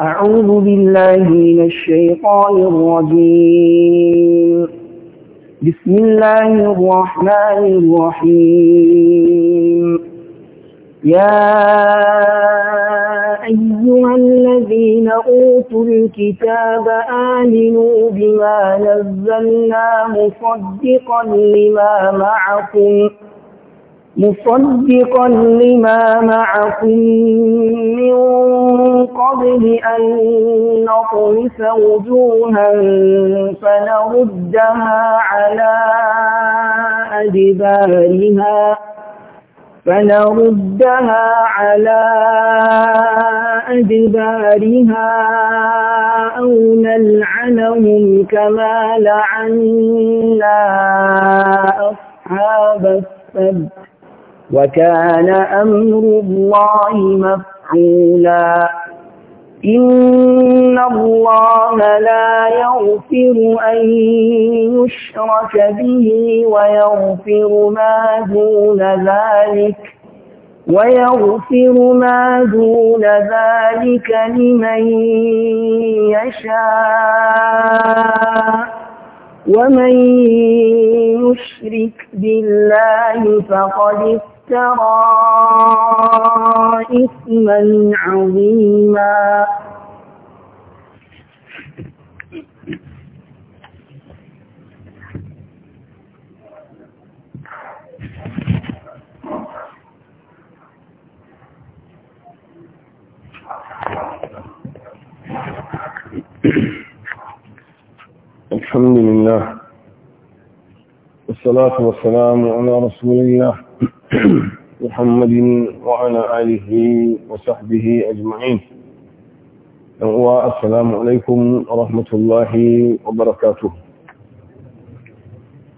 أعوذ بالله من الشيطان الرجيم بسم الله الرحمن الرحيم يا أيها الذين أوتوا الكتاب آمنوا بما نزلنا مصدقا لما معكم مصدقا لما معكم من قبل أن نطمس وجوها فنردها على أدبارها فنردها على أدبارها أو نلعنهم كما لعنا أصحاب السبت وكان أمر الله مفعولا إن الله لا يغفر أن يشرك به ويغفر ما دون ذلك ويغفر ما دون ذلك لمن يشاء ومن يشرك بالله فقد افترى إثما عظيما الحمد لله والصلاة والسلام على رسول الله محمد وعلى آله وصحبه أجمعين السلام عليكم ورحمة الله وبركاته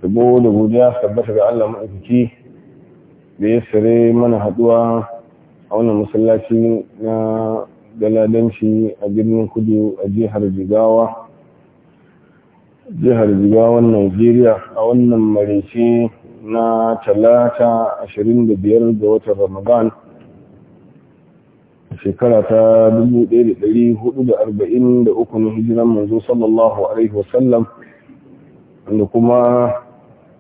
تبول وجاء ثبتك على مؤكتي بيسر من هدوى أولا مسلاتي نا a birnin kudu a jihar jigawa jihar jigawan najeriya a wannan marece na talata 25 ga watan ramadan shekara ta 1443 na hijiran manzo sallallahu alaihi wasallam da kuma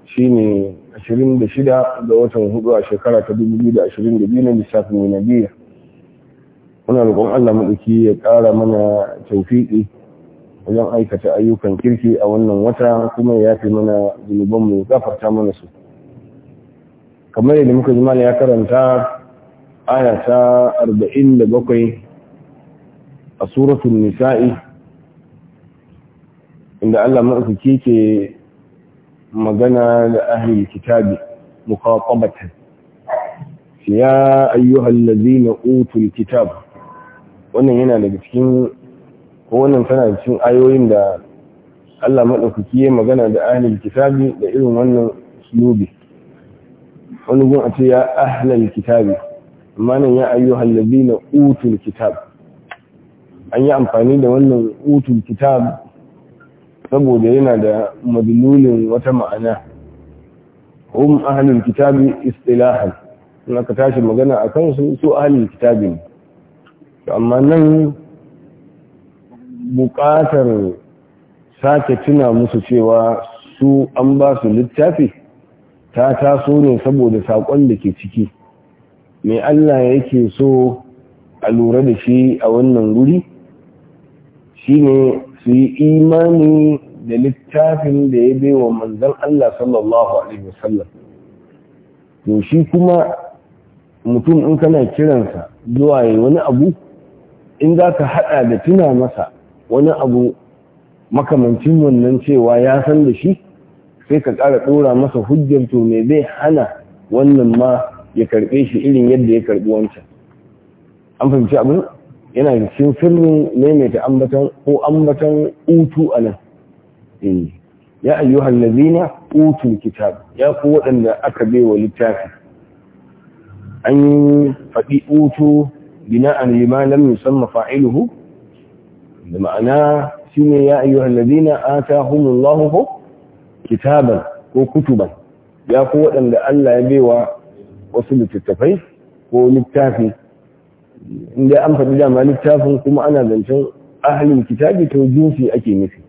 shi ne 26 ga watan hudu a shekara ta 2022 na lissafin biyu. muna roƙon Allah maɗuki ya ƙara mana taufiƙi wajen aikata ayyukan kirki a wannan wata kuma ya fi mana zunubanmu ya gafarta mana su kamar yadda muka zama ya karanta aya ta 47 a suratul nisa'i inda Allah maɗaukaki ke magana da ahli kitabi muqatabatan ya ayyuhal ladina utul kitab wannan yana daga cikin ko tana da cikin ayoyin da Allah maɗaukaki ya magana da ahli kitabi da irin wannan slubi wani gun a ce ya ahlal kitabi amma nan ya ayyu hallabi na utul kitab an yi amfani da wannan utul kitab saboda yana da madlulin wata ma'ana hum ahlul kitabi istilahan in aka tashi magana a kansu su ahlul kitabi ne amma nan buƙatar sake tuna musu cewa su an ba su littafi ta taso ne saboda saƙon da ke ciki mai Allah yake so a lura da shi a wannan guri ne su yi imani da littafin da ya bai wa manzan Allah sallallahu Alaihi wasallam to shi kuma mutum in kana kiransa zuwa yi wani abu in za ka haɗa da tuna masa wani abu makamancin wannan cewa ya san da shi sai ka ƙara ɗora masa hujjar to me zai hana wannan ma ya karɓe shi irin yadda ya karɓi wancan an fahimci abin yana da cikin sirrin maimaita ambatan ko ambatan utu a nan eh. ya ayyuhal lazina utul kitab ya ku waɗanda aka wa littafi an faɗi utu bina an lima lam yusamma fa'iluhu da ma'ana shine ya ayyuhal lazina atahumullahu kitaban ko kutuban ya ku waɗanda Allah ya baiwa wasu littattafai ko littafi inda an faɗi dama littafin kuma ana zancen ahalin kitabi to jinsi ake nufi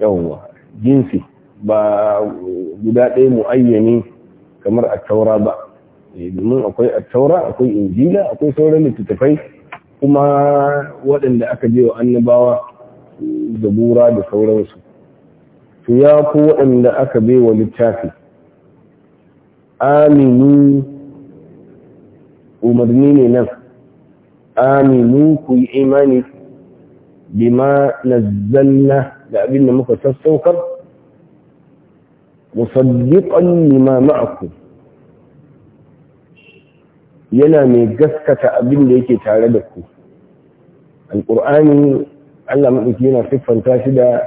yawwa jinsi ba guda ɗaya mu'ayyani kamar a taura ba eh, domin akwai a taura akwai injila akwai sauran littattafai kuma waɗanda aka je wa annabawa zabura da sauransu ya ku waɗanda aka bai wa littafi aminu umarni ne nan aminu ku yi imani bima zanna da abin da muka sassaukar musaddiqan lima ma'aku yana mai gaskata abin da yake tare da ku alƙur'ani Allah maɗauki yana siffanta shi da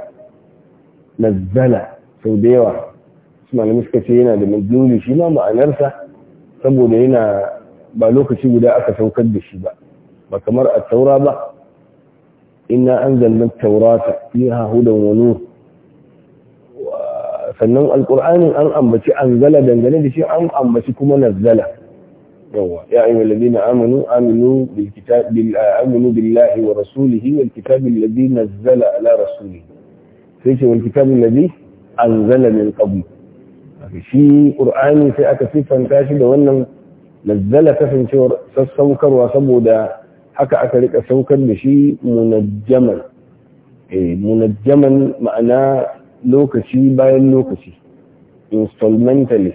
nazzala sau da yawa su malamai suka ce yana da mazluli shi ma ma'anarsa saboda yana ba lokaci guda aka saukar da shi ba ba kamar a taura ba ina an zannan taurata fiha hudan wa nur sannan alqur'anin an ambaci anzala dangane da shi an ambaci kuma nazzala yawa ya ayyuhal ladina amanu aminu bil kitab bil aminu billahi wa rasulihi wal kitab alladhi nazzala ala rasulihi sai ce wal kitabul ladhi anzala min qabl shi ƙur'ani sai aka siffanta shi da wannan nazzala kasancewar sassaukarwa saboda haka aka rika saukar da shi munajjaman eh, munajjaman ma'ana lokaci bayan lokaci installmentally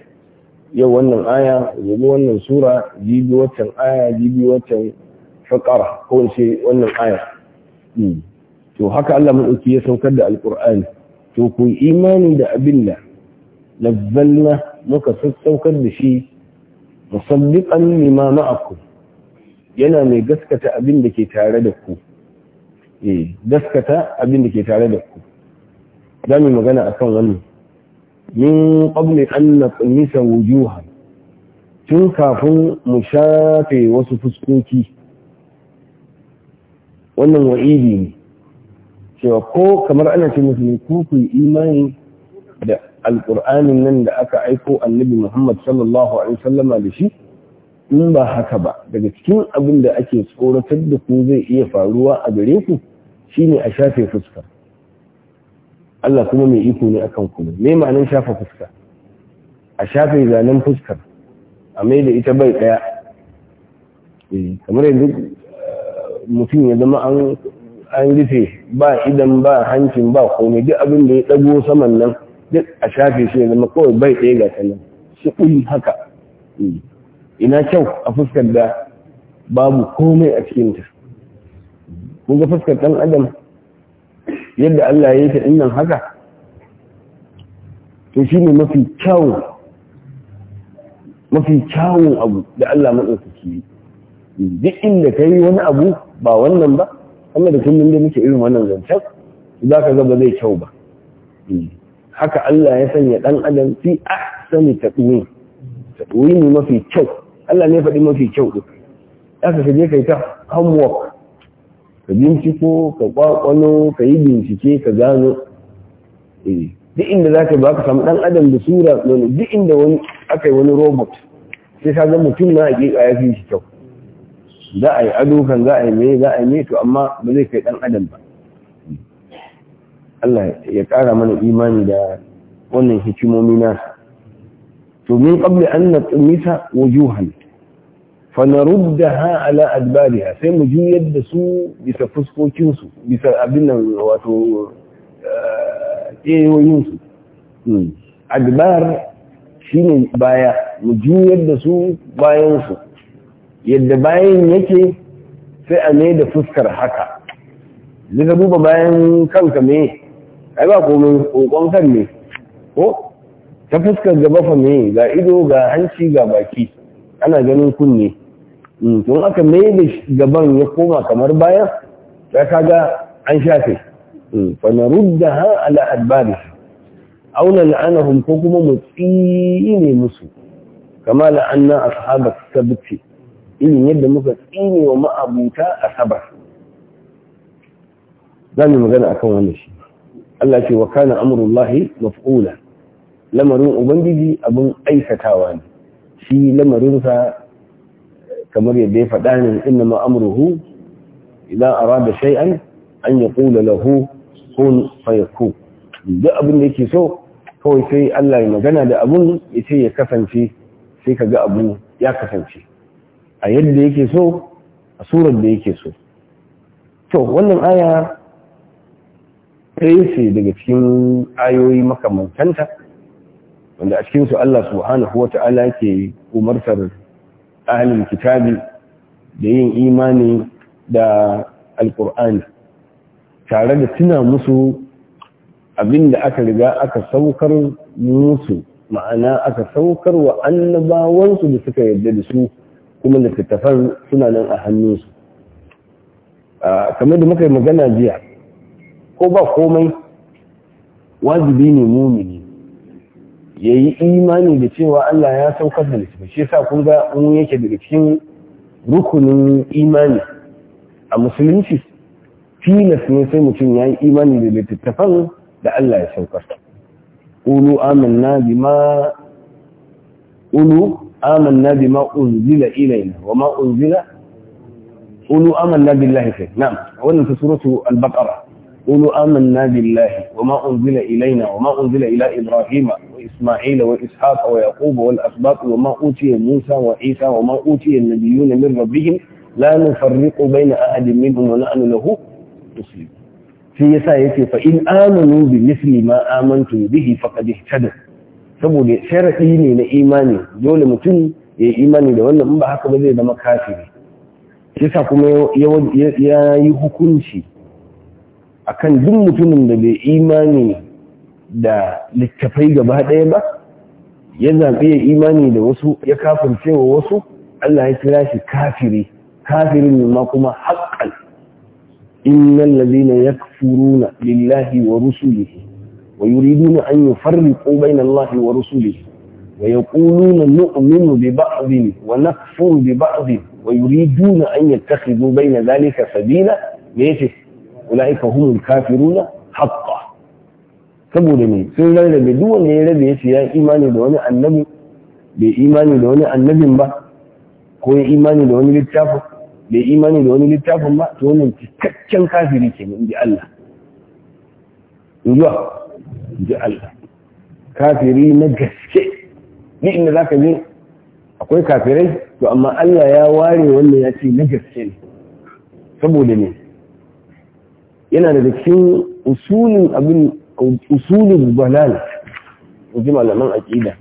yau wannan aya gobe wannan sura jibi waccan aya jibi waccan faƙara ko wannan aya hmm. to haka Allah madauki ya saukar da Alkur'ani, to ku imani da abin da nazzalna muka saukar da shi musaddiqan lima ma'akum yana mai gaskata abin da ke tare da ku eh gaskata abin da ke tare da ku za mu magana akan wannan min qabli an naqmisa wujuha tun kafin mu shafe wasu fuskoki wannan wa'idi ne cewa ko kamar ana ce musu ku ku imani da alƙur'anin nan da aka aiko annabi Muhammad sallallahu alaihi sallama da shi in ba haka ba daga cikin abin da ake tsoratar da ku zai iya faruwa a gare ku shine a shafe fuska Allah kuma mai iko ne akan ku me ma'anar shafe fuska a shafe zanen fuskar a mai da ita bai daya eh, kamar yanzu eh, mutum ya zama an an rufe ba idan ba hancin ba komai duk abin da ya dago saman nan duk a shafe shi ya zama kawai bai ɗaya ga sanan shi ɓuri haka mm. ina kyau a fuskar da babu komai a ta. kun ga fuskar ɗan adam yadda Allah ya yi ta ɗin haka to shi ne mafi kyawun mafi kyawun abu da Allah maɗaukaki duk inda ka yi wani abu ba wannan ba amma da kullum da muke irin wannan zancen za ka ba zai kyau ba eh, haka Allah ya sanya dan adam fi ahsani taqwim taqwim mafi kyau Allah ne faɗi mafi kyau din aka kaje kai ta homework ka binciko ka kwakwalo ka yi bincike ka gano eh, duk inda za ka ba ka samu dan adam da sura duk inda wani aka yi wani robot sai ka ga mutum na a ya fi shi kyau za a yi ado kan za a yi mai za a yi mai to amma ba zai kai dan adam ba Allah ya ƙara mana imani da wannan hikimomi na to min qabli an natmisa wujuhan fa naruddaha ala adbariha sai mu juyar da su bisa fuskokin su bisa abin nan wato eh, tsayoyin su hmm. adbar shine baya mu juyar da su bayan su yadda bayan yake sai a ne da fuskar haka zika duba bayan kanka me ai ba komai kokon kan ne ko ta fuskar gaba fa me ga ido ga hanci ga baki ana ganin kunne mm, tun aka mai da gaban ya koma kamar baya, ya kaga an shafe mm, fa da ha ala adbari auna la'anahum ko kuma mutsi ne musu kama la'anna ashabas sabti irin yadda muka tsine wa ma'abuta asabar za mu magana akan wannan shi Allah ce wa kana amrullahi maf'ula lamarin ubangiji abin aikatawa ne shi lamarinsa kamar yadda ya faɗa ne inna ma'amruhu idan arada shai'an, an ya lahu kun fayaku duk abin da yake so kawai sai Allah ya magana da abun ya ce ya kasance sai ka ga abu ya kasance a yadda yake so a surar da yake so to wannan aya ɗaya ce daga cikin ayoyi makamantanta wanda a cikinsu Allah subhanahu wa ta'ala ke umartar ahalin kitabi da yin imani da alkur'ani tare da tuna musu abin da aka riga aka saukar musu ma'ana aka saukar wa annabawansu da suka yarda da su kuma littattafan suna nan a hannunsu kamar da muka yi magana jiya ko ba komai wajibi ne mumini ya yi imani da cewa Allah ya saukar da littafi shi sa kun ga mun yake daga cikin rukunin imani a musulunci filas ne sai mutum ya yi imani da littattafan da Allah ya saukar ƙulu na bima ƙulu آمنا بما أنزل إلينا وما أنزل قولوا آمنا بالله فيه نعم أولا في سورة البقرة قولوا آمنا بالله وما أنزل إلينا وما أنزل إلى إبراهيم وإسماعيل وإسحاق ويعقوب والأسباط وما أوتي موسى وعيسى وما أوتي النبيون من ربهم لا نفرق بين أحد منهم ونحن له مسلم في يسا يتي فإن آمنوا بمثل ما آمنتم به فقد اهتدوا saboda sharaɗi ne na imani dole mutum ya yi imani da wannan ba haka ba zai zama kafiri shi sa kuma ya yi hukunci akan duk mutumin da bai imani da littafai gaba ɗaya ba ya zaɓi ya imani da wasu ya kafirce wa wasu Allah ya kira shi kafiri kafirin ma kuma haƙƙal innal ladina yakfuruna lillahi wa rusulihi ويريدون أن يفرقوا بين الله ورسوله ويقولون نؤمن ببعض ونكفر ببعض ويريدون أن يتخذوا بين ذلك سبيلا ليش أولئك هم الكافرون حقا saboda ne sun rarrabe duk wanda ya rabe yace ya imani da wani annabi bai imani da wani annabin ba ko ya imani da wani littafin bai imani da wani littafin ba to cikakken kafiri ke bi Allah ji Allah kafiri na gaske ni inda za ka akwai kafirai to amma Allah ya ware wannan ya ce na gaske ne saboda ne yana da cikin usulin abin usulin balal ji malaman aƙida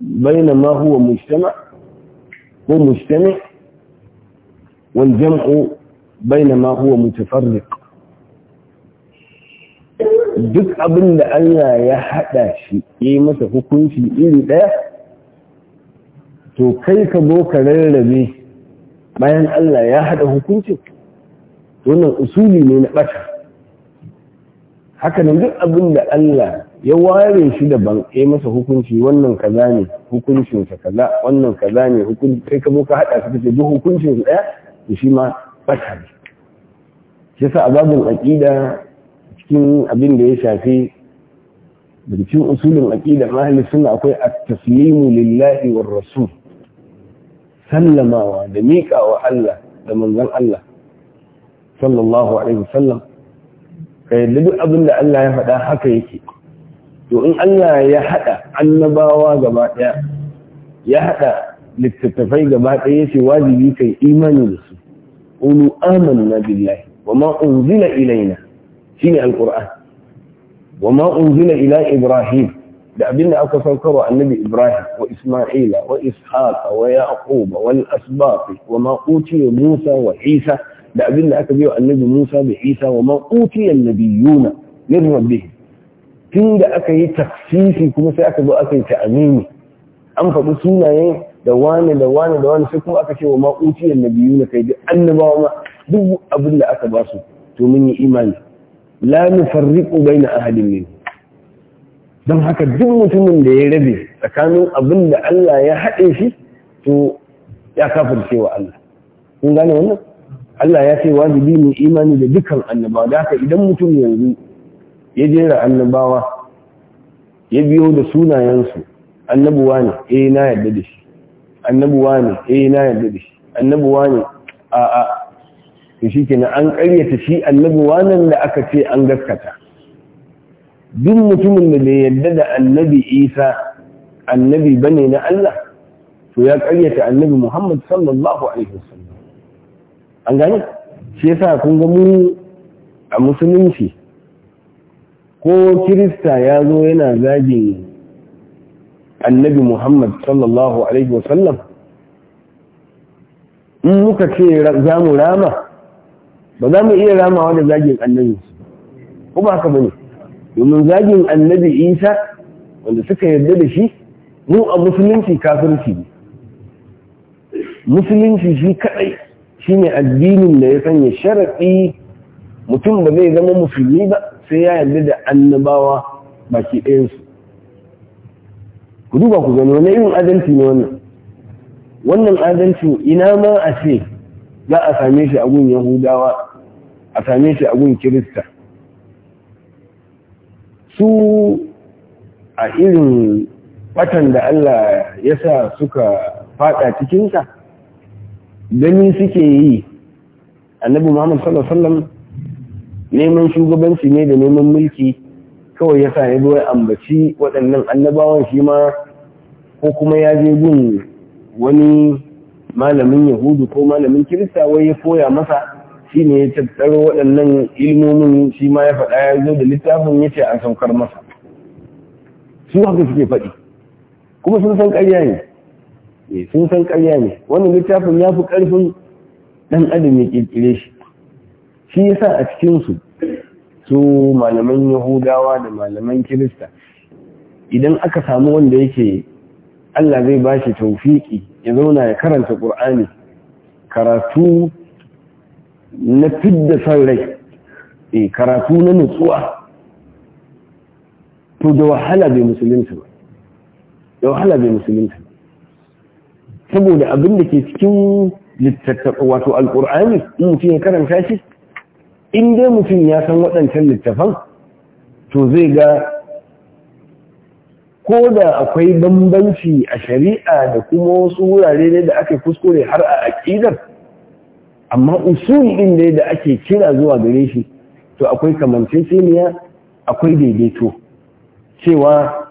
bayna ma huwa mujtama ko mujtama wal jam'u bainama huwa mutafarriq duk abin da Allah ya hada shi ya yi masa hukunci iri daya, to kai ka zo ka rarrabe bayan Allah ya hada hukuncin wannan usuli ne na ɓata haka nan duk abin da Allah ya ware shi daban ya yi masa hukunci wannan kaza ne hukuncinsa kaza wannan kaza ne hukunci kai ka zo ka haɗa su kace duk hukuncin daya to shi ma ɓata ne shi sa azabin aƙida cikin abin da ya shafi da cikin usulin aƙida mahalli suna akwai a taslimu lillahi war rasul sallamawa da miƙawa Allah da manzan Allah sallallahu alaihi wasallam ka yadda duk abin da Allah ya faɗa haka yake to in Allah ya haɗa annabawa gaba ɗaya ya haɗa littattafai gaba ɗaya yace wajibi kai imani da su ulu amanna billahi wa ma unzila ilaina shine alquran wa ma unzila ila ibrahim da abinda aka aka saukarwa annabi ibrahim wa isma'ila wa ishaqa wa yaqub wal asbaq wa ma musa wa isa da abin aka biyo annabi musa da isa wa ma utiya annabiyuna min rabbihim aka yi tafsisi kuma sai aka zo aka yi ta'amini an faɗi sunayen da wani da wani da wani sai kuma aka ce wa ma utiya kai da annabawa duk abin da aka ba su to mun yi imani la nufarriqu baina ahadin min don haka duk mutumin da ya rabe tsakanin abin da Allah ya haɗe shi to ya kafirce wa Allah kun gane wannan Allah ya ce wajibi mu imani da dukkan annabawa da haka idan mutum yanzu ya jera annabawa ya biyo da sunayensu annabuwa ne eh na yarda da shi annabuwa ne eh na yarda da shi annabuwa ne a a to shi kenan an karyata shi annabi wannan da aka ce an gaskata duk mutumin da bai yarda da annabi isa annabi bane na Allah to ya karyata annabi Muhammad sallallahu alaihi wasallam an gane shi yasa kun ga mu a musulunci ko kirista ya zo yana zagin annabi Muhammad sallallahu alaihi wasallam in muka ce za mu rama ba za mu iya ramawa da zagin annabi ko ba haka bane domin zagin annabi isa wanda suka yarda da shi mu a musulunci kafirci ne musulunci shi kadai shine addinin da ya sanya sharaɗi mutum ba zai zama musulmi ba sai ya yarda da annabawa baki ɗayansu ku duba ku gani wani irin adalci ne wannan wannan adalcin ina ma a ce za a same shi a gun yahudawa a same shi a gun kirista su a irin batan da Allah ya sa suka fada cikinsa gani suke yi annabi Muhammad sallallahu alaihi wasallam neman shugabanci ne da neman mulki kawai ya sa ya zo ya ambaci waɗannan annabawan shi ma ko kuma ya je gun wani malamin yahudu ko malamin kirista wai ya koya masa shi ne ya tattaro waɗannan ilmomin shi ma ya faɗa ya zo da littafin ya ce an saukar masa su haka suke faɗi kuma sun san ƙarya ne eh, sun san ƙarya ne wannan littafin ya fi ƙarfin ɗan adam ya ƙirƙire shi shi ya sa a cikinsu su malaman yahudawa da malaman kirista idan aka samu wanda yake Allah zai ba shi taufiki ya zauna ya karanta ƙur'ani karatu na fidda san rai e karatu na nutsuwa to da wahala bai musulunta ba da wahala bai musulunta ba saboda abin da ke cikin littattafa wato alƙur'ani in mutum ya karanta shi in dai mutum ya san waɗancan littattafan, to zai ga ko da akwai bambanci a shari'a da kuma wasu wurare ne da aka kuskure har a aƙidar amma usuli ɗin ne da ake kira zuwa gare shi to akwai kamanceceniya akwai daidaito cewa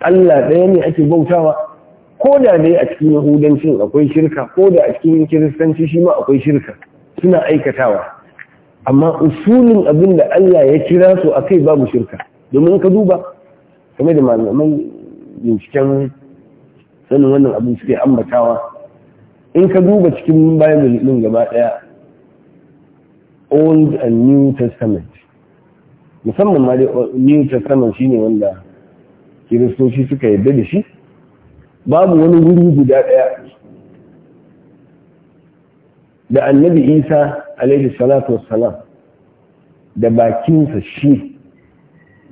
Allah ɗaya ne ake bautawa ko da dai a cikin yahudancin akwai shirka ko da a cikin kiristanci shi ma akwai shirka suna aikatawa amma usulin abin da Allah ya kira su a kai babu shirka domin ka duba game da malamai binciken sanin wannan abin suke ambatawa in ka duba cikin bayan din gaba daya old and new testament musamman ma new testament shine wanda kiristoci suka yadda da shi babu wani wuri guda daya da annabi isa alaihi salatu wassalam da bakinsa shi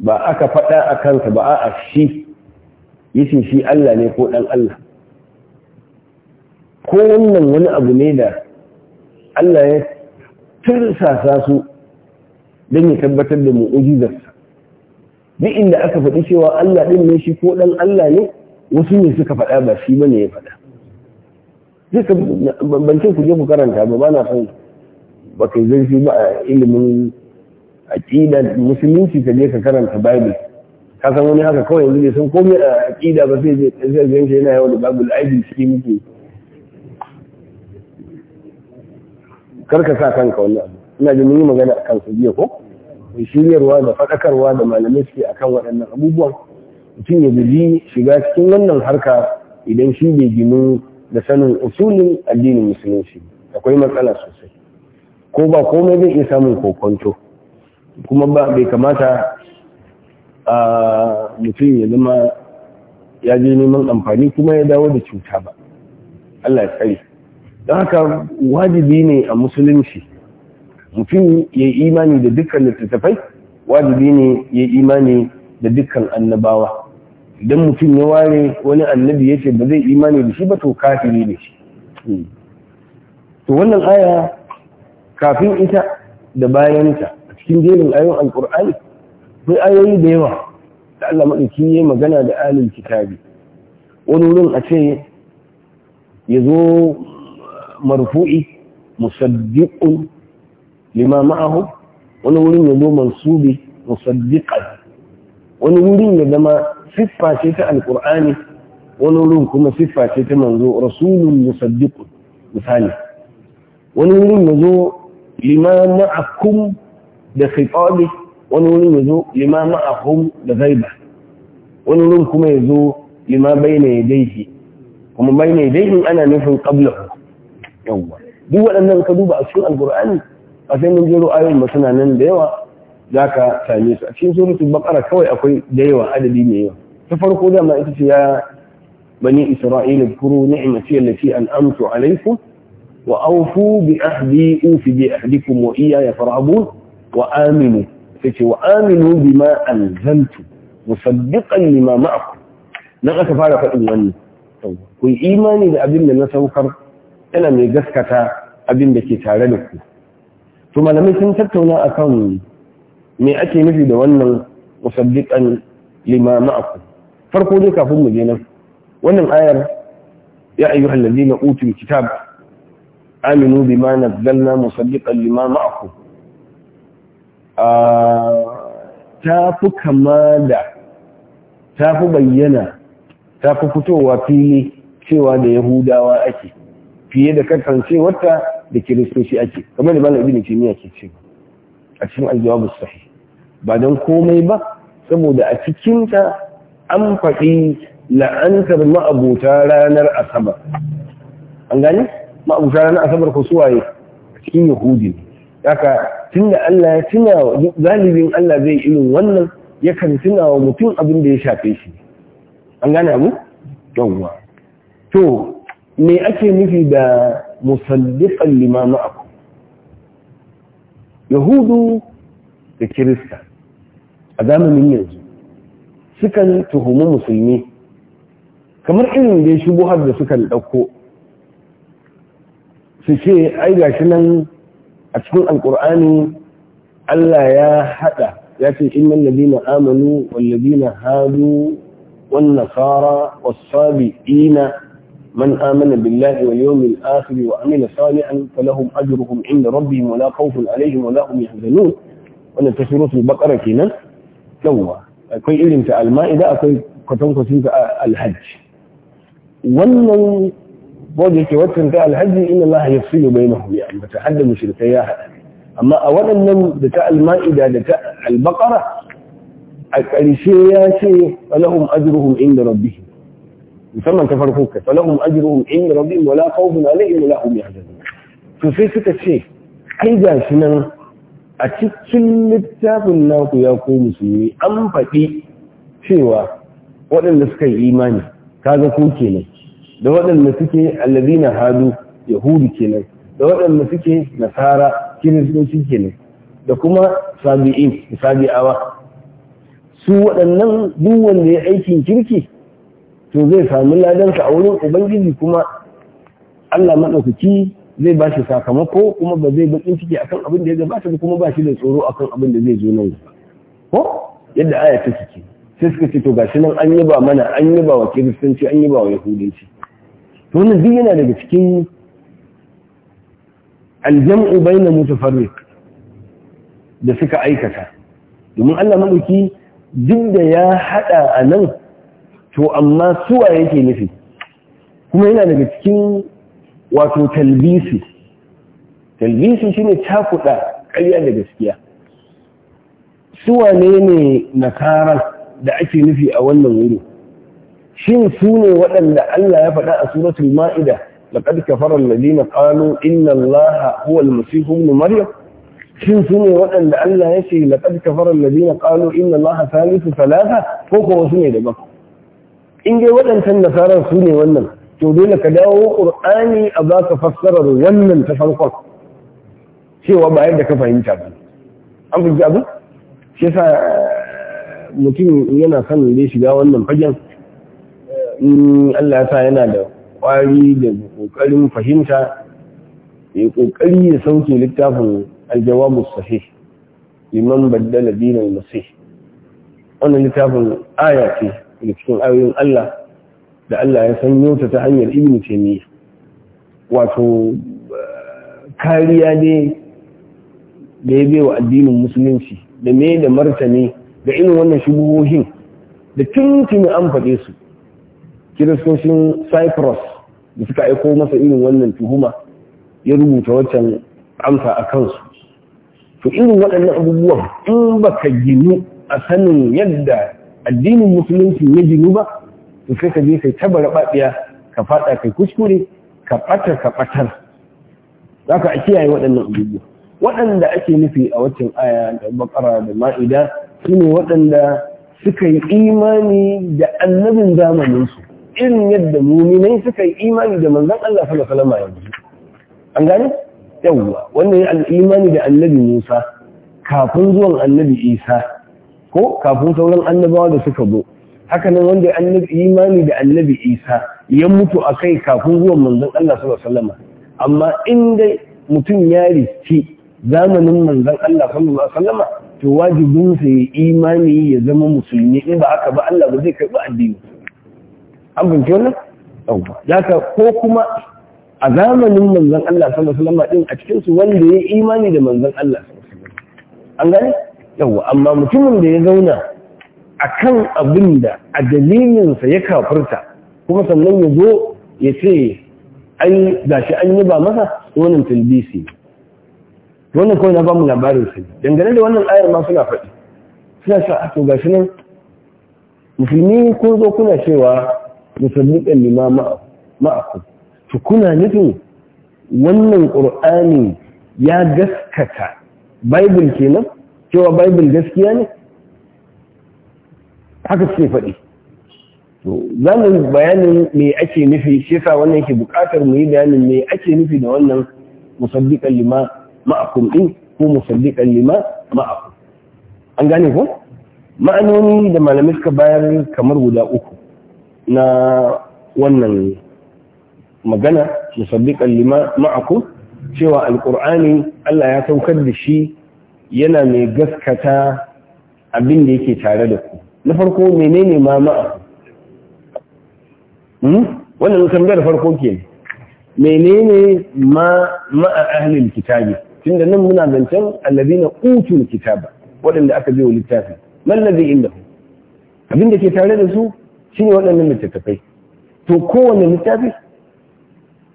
ba aka faɗa a kansa ba a shi yace shi Allah ne ko ɗan Allah ko wannan wani abu ne da Allah ya tursasa su don ya tabbatar da mu'ujizarsa duk inda aka faɗi cewa Allah ɗin ne shi ko ɗan Allah ne wasu ne suka faɗa ba shi ne ya faɗa duka ku je ku karanta ba ba na son ba kai zai ba a ilimin aƙida musulunci ka je ka karanta bible ka san wani haka kawai yanzu ne sun komai a aqida ba sai zai zai zai yana yawo da bible aibi shi muke karka sa kanka wannan ina jin yi magana a kansu biya ko shiryarwa da faɗakarwa da malamai suke a kan waɗannan abubuwan mutum ya guji shiga cikin wannan harka idan shi bai ginu da sanin usulin addinin musulunci akwai matsala sosai ko ba komai zai iya samun kokonto kuma ba bai kamata a mutum ya zama ya je neman amfani kuma ya dawo da cuta ba Allah ya tsari don haka wajibi ne a musulunci mutum ya yi imani da dukkan littattafai wajibi ne ya yi imani da dukkan annabawa idan mutum ya ware wani annabi ya ce ba zai imani da shi ba to kafiri ne shi hmm. to wannan aya kafin ita da bayanta cikin jerin ayoyin Alƙur'ani, sai ayoyi da yawa da Allah maɗauki ya magana da alil kitabi wani wurin a ce ya zo marfu'i musaddiqun lima ma'ahu wani wurin ya zo mansubi musaddiqan wani wurin ya zama siffa ce ta Alƙur'ani, wani wurin kuma siffa ce ta manzo rasulun musaddiqun misali wani wurin ya zo lima ma'akum da khitabi wani wurin ya zo lima ma'ahum da gaiba wani wurin kuma ya zo lima ya yadayhi kuma ya yadayhi ana nufin qablahu yawwa duk waɗannan ka duba a cikin alqur'ani a sai mun jero ayoyin masu nan da yawa zaka same su a cikin suratul baqara kawai akwai da yawa adadi mai yawa ta farko ma ita ce ya bani isra'ila kuru ni'mati allati an'amtu alaykum wa awfu bi ahdi ufi bi ahdikum wa iyaya farhabun wa aminu sai wa aminu bima alzantu musaddiqan lima ma'akum na aka fara faɗin wannan ku yi imani da abin da na saukar yana mai gaskata abin da ke tare da ku to malamai sun tattauna akan me ake nufi da wannan musaddiqan lima ma'akum farko dai kafin mu je nan wannan ayar ya ayyuhal ladina utul kitab aminu bima nazzalna musaddiqan lima ma'akum ta fi kama da ta fi bayyana ta fi fitowa fili cewa da yahudawa ake fiye da kasancewarta da kiristoci ake kamar da malam da kimiyya ke cewa a cikin aljawabu sahi ba don komai ba saboda a cikinta an faɗi la'antar ma'abuta ranar asabar an gani ma'abuta ranar asabar ku suwaye a cikin yahudi ne haka tunda Allah ya tuna galibin Allah zai irin wannan yakan tuna wa mutum abin da ya shafe shi an gane abu yawwa to me ake nufi da musallifan limanu aku yahudu da kirista a zamanin yanzu sukan tuhumi musulmi kamar irin da ya har da sukan ɗauko su ce ai gashi nan a cikin alkur'ani Allah ya haɗa ya ce innal ladina amanu wal ladina hadu wan nasara was sabiina man amana billahi wal yawmil akhir wa amila salihan falahum ajruhum inda rabbihim wala khawfun alaihim wala hum yahzanun wannan ta suratul baqara kenan yawa akwai irin ta al-ma'ida akwai kwatankwacin ta al-hajj wannan ko da yake waccan ta alhaji inna Allah yafsilu bainahum ya amma ta hadda mushrikai ya hada amma a waɗannan da ta ma'ida da ta albaqara a ƙarshe ya ce falahum ajruhum inda rabbihim musamman ta farko ka falahum ajruhum inda rabbihim wala khawfun alaihim wala hum yahzanun to sai suka ce ai shi nan a cikin littafin naku ya ko musulmi an faɗi cewa waɗanda suka yi imani kaga ko kenan da waɗanda suke na hadu yahudu kenan da waɗanda suke nasara kiristoci kenan da kuma sabi'in sabi'awa su waɗannan duk wanda ya aikin kirki to zai sami ladansa a wurin ubangiji kuma Allah maɗaukaki zai ba shi sakamako kuma ba zai baƙin ciki akan abin da ya gabata ba kuma ba shi da tsoro akan abin da zai zo nan ko yadda aya take ce sai suka ce to gashi nan an yi ba mana an yi ba wa kiristanci an yi ba wa yahudanci to wannan duk yana daga cikin aljam'u bayna mutafarriq da suka aikata domin Allah madauki duk da ya hada anan, to amma suwa yake nufi kuma yana daga cikin wato talbisi talbisi shine cakuda ƙarya da gaskiya suwa ne ne nakara da ake nufi a wannan wuri shin su ne waɗanda Allah ya faɗa a suratul ma'ida laqad kafara alladhina qalu inna allaha huwa al-masih ibn maryam shin su ne waɗanda Allah ya ce laqad kafara alladhina qalu inna allaha thalithu thalatha ko ko su ne daban in dai waɗancan nasarar su ne wannan to dole ka dawo qur'ani a baka fassarar wannan ta farkon cewa ba yadda ka fahimta ba an fahimci abu shi yasa eh, mutum yana son da shiga wannan fagen in Allah sa yana da ƙwari da ƙoƙarin fahimta ya ƙoƙari ya sauke littafin aljawabu sahih liman baddala dinar masai wannan littafin aya ce da cikin ayoyin Allah da Allah ya san ta ta hanyar ibnu taymiya wato kariya ne da ya bewa addinin musulunci da me da martani da irin wannan shubuhohin da tuni an faɗe su kiristocin cyprus da suka aiko masa irin wannan tuhuma ya rubuta waccan amsa a kansu to irin waɗannan abubuwan in ba ka ginu a sanin yadda addinin musulunci ya ginu ba to sai ka je kai tabar baɗiya ka faɗa kai kuskure ka ɓatar ka ɓatar za ka a kiyaye waɗannan abubuwa waɗanda ake nufi a waccan aya da bakara da ma'ida su ne waɗanda suka yi imani da annabin zamaninsu irin yadda muminai suka yi imani da manzan Allah sallallahu alaihi wasallam an gane yawwa wannan al'imani da annabi Musa kafin zuwan annabi Isa ko kafin sauran annabawa da suka zo hakanan wanda annabi imani da annabi Isa ya mutu a kai kafin zuwan manzan Allah sallallahu alaihi wasallam amma in dai mutum ya riski zamanin manzan Allah sallallahu alaihi wasallam to wajibin sa ya imani ya zama musulmi in ba haka ba Allah ba zai karbi addini an wannan yawwa zaka ko kuma a zamanin Manzan Allah sallallahu ɗin a cikinsu wanda ya yi imani da Manzan Allah an gani? yawwa amma mutumin da ya zauna akan abin da a dalilinsa ya kafurta, kuma sannan ya zo ya ce ga shi an yi ba masa wannan talbisi wannan kawai na bamu labarin su dangane da wannan ayar ma suna faɗi suna sa a to gashi nan musulmi ko zo kuna cewa ɗan nima ma'akum su kuna nufin wannan ƙur'ani ya gaskata Baibul kenan cewa Baibul gaskiya ne haka suke faɗi to za mu bayanin me ake nufi shi yasa wannan yake buƙatar mu yi bayanin me ake nufi da wannan musaddiqan lima ma'akum din ko musaddiqan lima ma'akum an gane ko ma'anoni da malamai suka bayar kamar guda uku na wannan magana musaddiqan lima ma'aku cewa alqur'ani Allah ya saukar da shi yana mai gaskata abin da yake tare da ku na farko menene ma ma'a hmm? wannan tambayar farko ke menene ma ma'a ahlil kitabi tunda nan muna zancen allazina utul kitaba waɗanda aka biyo littafi man ladhi indahu abin da ke tare da su shi ne waɗannan littattafai to kowane littafi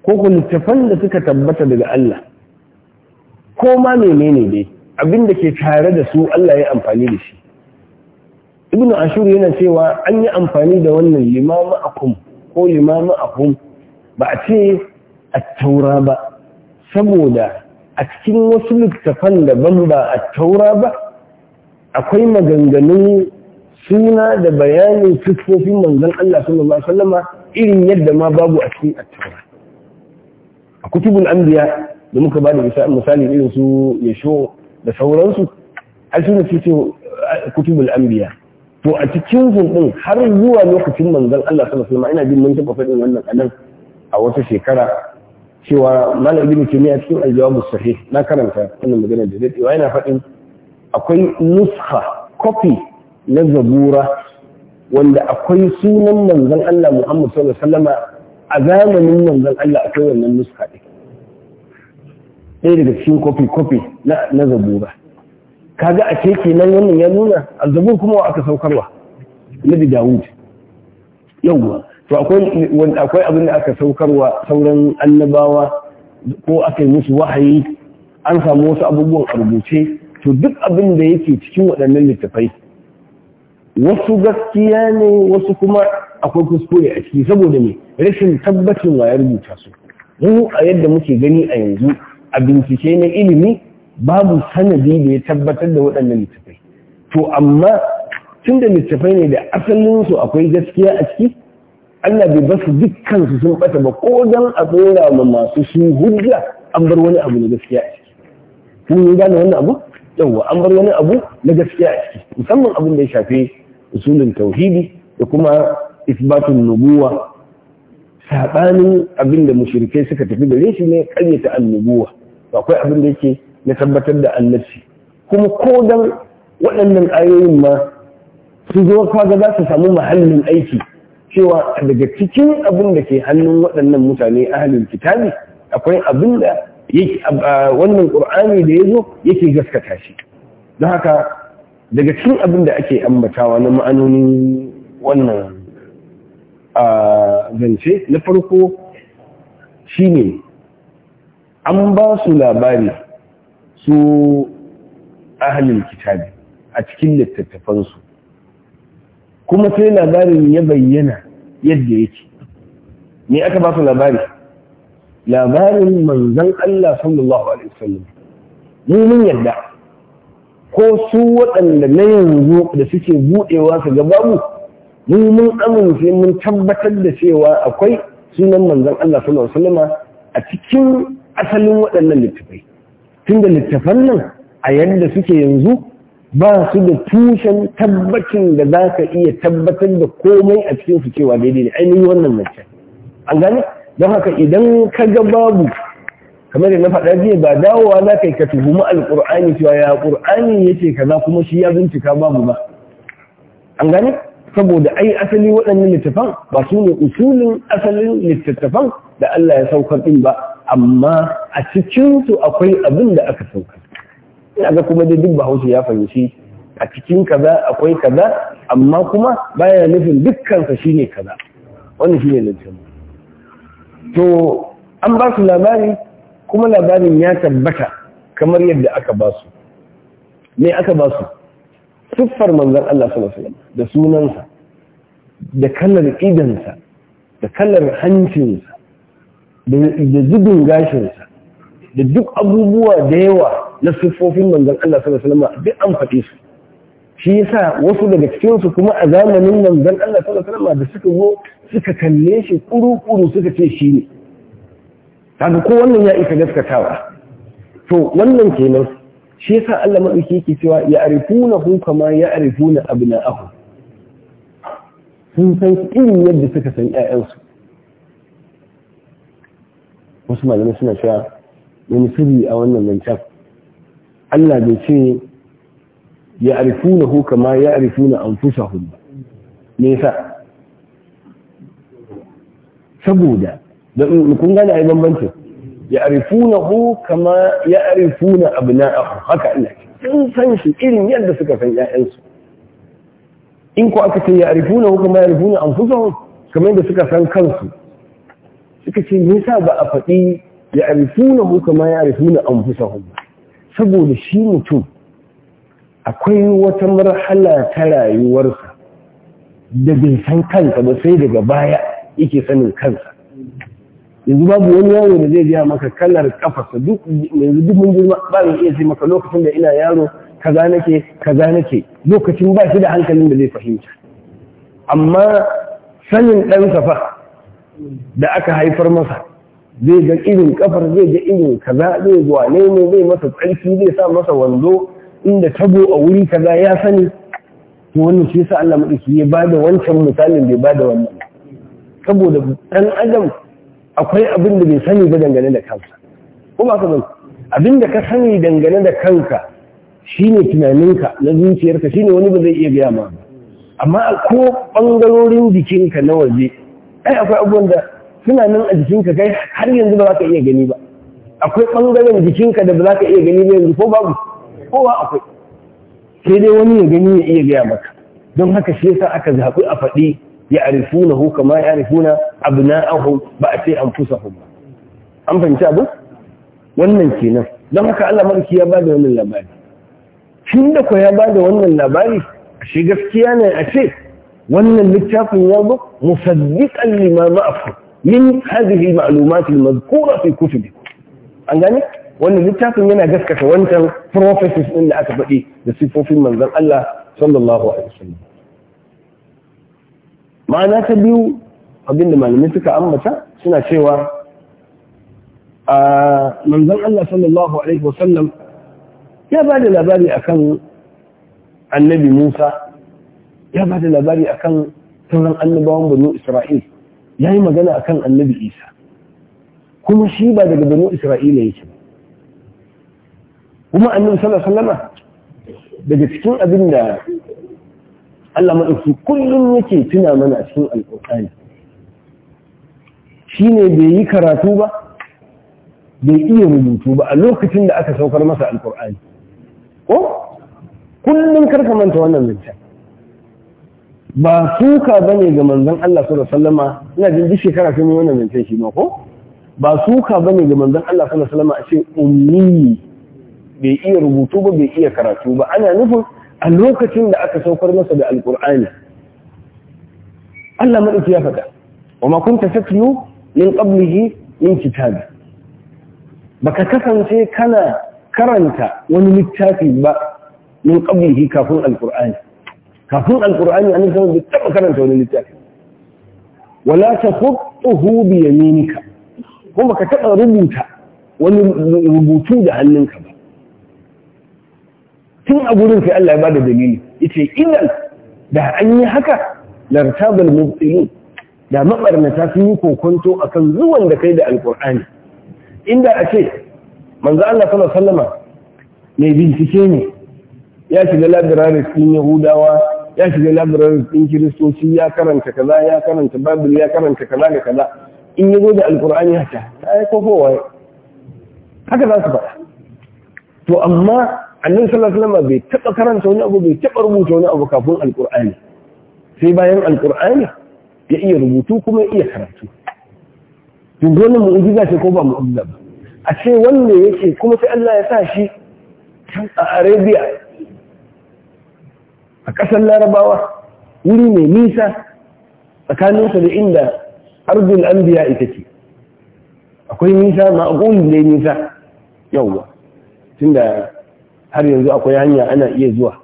ko ku littafan da suka tabbata daga Allah ko ma menene dai abin da ke tare da su Allah ya amfani da shi ibn ashur yana cewa an yi amfani da wannan Limamu akum ko Limamu akum ba a ce a taura ba saboda a cikin wasu littafan ban ba a taura ba akwai maganganun suna da bayanin fiskofin manzan Allah sallallahu alaihi wasallama irin yadda ma babu a cikin attaura a an biya, da muka ba da misali irin su ya sho da sauransu a suna cikin an biya. to a cikin zunɗin har zuwa lokacin manzan Allah sallallahu alaihi ina jin manta taba faɗin wannan anan a wata shekara cewa malam mutum ya cikin aljawabu sahih na karanta wannan magana da tsewa yana faɗin akwai nuska copy na zabura wanda akwai sunan manzan Allah Muhammad sallallahu alaihi wasallama a zamanin manzan Allah akwai wannan nuska din ɗaya daga cikin kofi kofi na zabura kaga a ce kenan wannan ya nuna A zabur kuma aka saukarwa nabi Dawud yawwa to akwai wanda akwai abin da aka saukarwa sauran annabawa ko aka yi musu wahayi an samu wasu abubuwan a rubuce to duk abin da yake cikin waɗannan littafai wasu gaskiya ne wasu kuma akwai kuskure a ciki saboda me rashin tabbacin wa ya rubuta su mu a yadda muke gani a yanzu a bincike na ilimi babu sanadi da ya tabbatar da waɗannan littafai to amma tun da littafai ne da asalin su akwai gaskiya a ciki Allah bai basu dukkan su sun bata ba ko dan a tsora ma masu su hujja an bar wani abu na gaskiya a ciki kun gane wannan abu yawa an bar wani abu na gaskiya a ciki musamman abin da ya shafe usulin tauhidi da kuma isbatun nubuwa saɓanin abinda mushirikai mushrikai suka tafi gare shi ne ta annubuwa akwai abin da yake na tabbatar da annabci kuma ko dan waɗannan ayoyin ma su zo kaga za su samu mahallin aiki cewa daga cikin abin da ke hannun waɗannan mutane ahalin kitabi akwai abin da wannan ƙur'ani da ya zo yake gaskata shi don haka daga cikin abin da ake ambatawa na ma'anoni wannan a zance na farko shine an ba su labari su ahalin kitabi a cikin littattafansu kuma sai labarin ya bayyana yadda yake ne aka ba su labari labarin manzan Allah sallallahu Alaihi wasallam mun yadda ko su waɗanda na yanzu da suke buɗewa su gaba mu mun mun amince mun tabbatar da cewa akwai sunan manzon Allah sallallahu alaihi a cikin asalin waɗannan littafai tunda littafan nan a yadda suke yanzu ba su da tushen tabbacin da za ka iya tabbatar da komai a cikin su cewa daidai ne ainihin wannan mace an gane don haka idan ka ga babu kamar da na faɗa jiya ba dawowa za ka yi ka tuhumi alƙur'ani cewa ya ƙur'ani ya ce kaza kuma shi ya bincika babu ba an gani saboda ai asali waɗannan littattafan ba su ne usulin asalin littattafan da Allah ya saukar ɗin ba amma a cikinsu akwai abin da aka sauka. ina ga kuma dai duk bahaushe ya fahimci a cikin kaza akwai kaza amma kuma baya nufin dukkansa shine kaza wannan shine littattafan to an ba su labari kuma labarin ya tabbata kamar yadda aka ba su ne aka ba su siffar manzan Allah sallallahu alaihi da sunansa da kallar idansa da kallar hancinsa da zubin gashinsa da duk abubuwa da yawa na siffofin manzan Allah sallallahu alaihi duk an faɗe su shi yasa wasu daga cikinsu kuma a zamanin manzan Allah sallallahu alaihi da suka zo suka kalle shi kuru-kuru suka ce shi ne kaga ko wannan ya isa gaskatawa to wannan kenan shi yasa Allah madauki yake cewa ya arifuna hu kama ya arifuna abna'ahu sun san irin yadda suka san su wasu malama suna cewa wani sirri a wannan zancen Allah bai ce ya arifuna hu kama ya arifuna anfusahum me yasa saboda don kun gane a yi bambancin ya na hu kama ya na abu na ahu haka ina sun san shi irin yadda suka san ‘ya'yansu in ku aka ce ya na hu kama ya na an fuso kamar yadda suka san kansu suka ce nisa ba a faɗi ya na hu kama ya na an ba. saboda shi mutum akwai wata marhala ta rayuwarsa da bai san kansa ba sai daga baya yake sanin kansa yanzu babu wani yaro da zai biya maka kalar kafarsa duk yanzu duk mun girma ba mai iya sai maka lokacin da ina yaro kaza nake kaza nake lokacin ba shi da hankalin da zai fahimta amma sanin ɗan fa da aka haifar masa zai ga irin kafar zai ga irin kaza zai zuwa ne ne zai masa tsarki zai sa masa wanzo inda tabo a wuri kaza ya sani to wannan shi yasa Allah madaki ya bada wancan misalin bai bada wannan saboda dan adam akwai abin da bai sani ba dangane da kansa kuma ka zai abin da ka sani dangane da kanka shine tunaninka na zuciyarka shine wani ba zai iya gaya ma ba amma ko bangarorin jikinka na waje ai akwai abubuwan da suna nan a jikinka kai har yanzu ba za ka iya gani ba akwai bangaren jikinka da ba za ka iya gani ba yanzu ko babu kowa akwai sai dai wani ya gani ya iya gaya maka don haka shi yasa aka zaɓi a faɗi ya'rifunahu kama ya'rifuna abna'ahum ba a ce anfusahum an fahimci abu wannan kenan don haka Allah madauki ya bada wannan labari tun da ko ya bada wannan labari shi gaskiya ne a ce wannan littafin ya zo musaddiqan lima ma'akum min hadhihi al-ma'lumat al-madhkura fi kutubikum an gane wannan littafin yana gaskata wancan prophecies din da aka faɗi da sifofin manzon Allah sallallahu alaihi ma'ana ta biyu abinda malamai suka ambata suna cewa a manzan Allah sallallahu alaihi wasallam ya ba da labari akan annabi Musa ya ba da labari akan sauran annabawan banu Isra'il ya yi magana akan annabi Isa kuma shi ba daga banu Isra'ila yake kuma annabi sallallahu alaihi wasallama daga cikin abin da Allah ma'aiki kullum yake tuna mana a cikin shi ne bai yi karatu ba bai iya rubutu ba a lokacin da aka saukar masa alƙur'ani ko kullum karka manta wannan zance ba suka bane ga manzan Allah su da sallama ina jin duk shekara yi wannan zance shi ma ko ba suka bane ga manzan Allah su da sallama a ce ummi bai iya rubutu ba bai iya karatu ba ana nufin a lokacin da aka saukar masa da alkur'ani Allah madauki ya faɗa wa ma kunta min qablihi min kitabi baka kasance kana karanta wani littafi ba min qablihi kafin alkur'ani kafin alkur'ani an zama bai taɓa karanta wani littafi wala takhutuhu bi yaminika kuma ka taɓa rubuta wani rubutu da hannunka tun a gudun sai Allah ya bada dalili yi idan da an yi haka lartabar mubtilun da mabarnata sun yi kokonto akan zuwan da kai da Alƙur'ani. inda a ce manzo Allah sallallahu Sallama mai bincike ne ya shiga labirar ɗin yahudawa ya shiga labirar ɗin kiristoci ya karanta kaza ya karanta babil ya karanta kaza da kaza in yazo da Alƙur'ani haka yi kofowa haka za su faɗa to amma annin sallallahu bai taɓa karanta wani abu bai taba rubuta wani abu kafin alqur'ani sai bayan alqur'ani ya iya rubutu kuma ya iya karatu duk wani mu'ujiza ce ko ba mu'ujiza ba a ce wanda yake kuma sai Allah ya sa shi a Arabia a kasar Larabawa wuri mai nisa tsakaninsa da inda arzul anbiya ita ce akwai nisa ma'qul ne nisa yawwa tunda har yanzu akwai hanya ana iya zuwa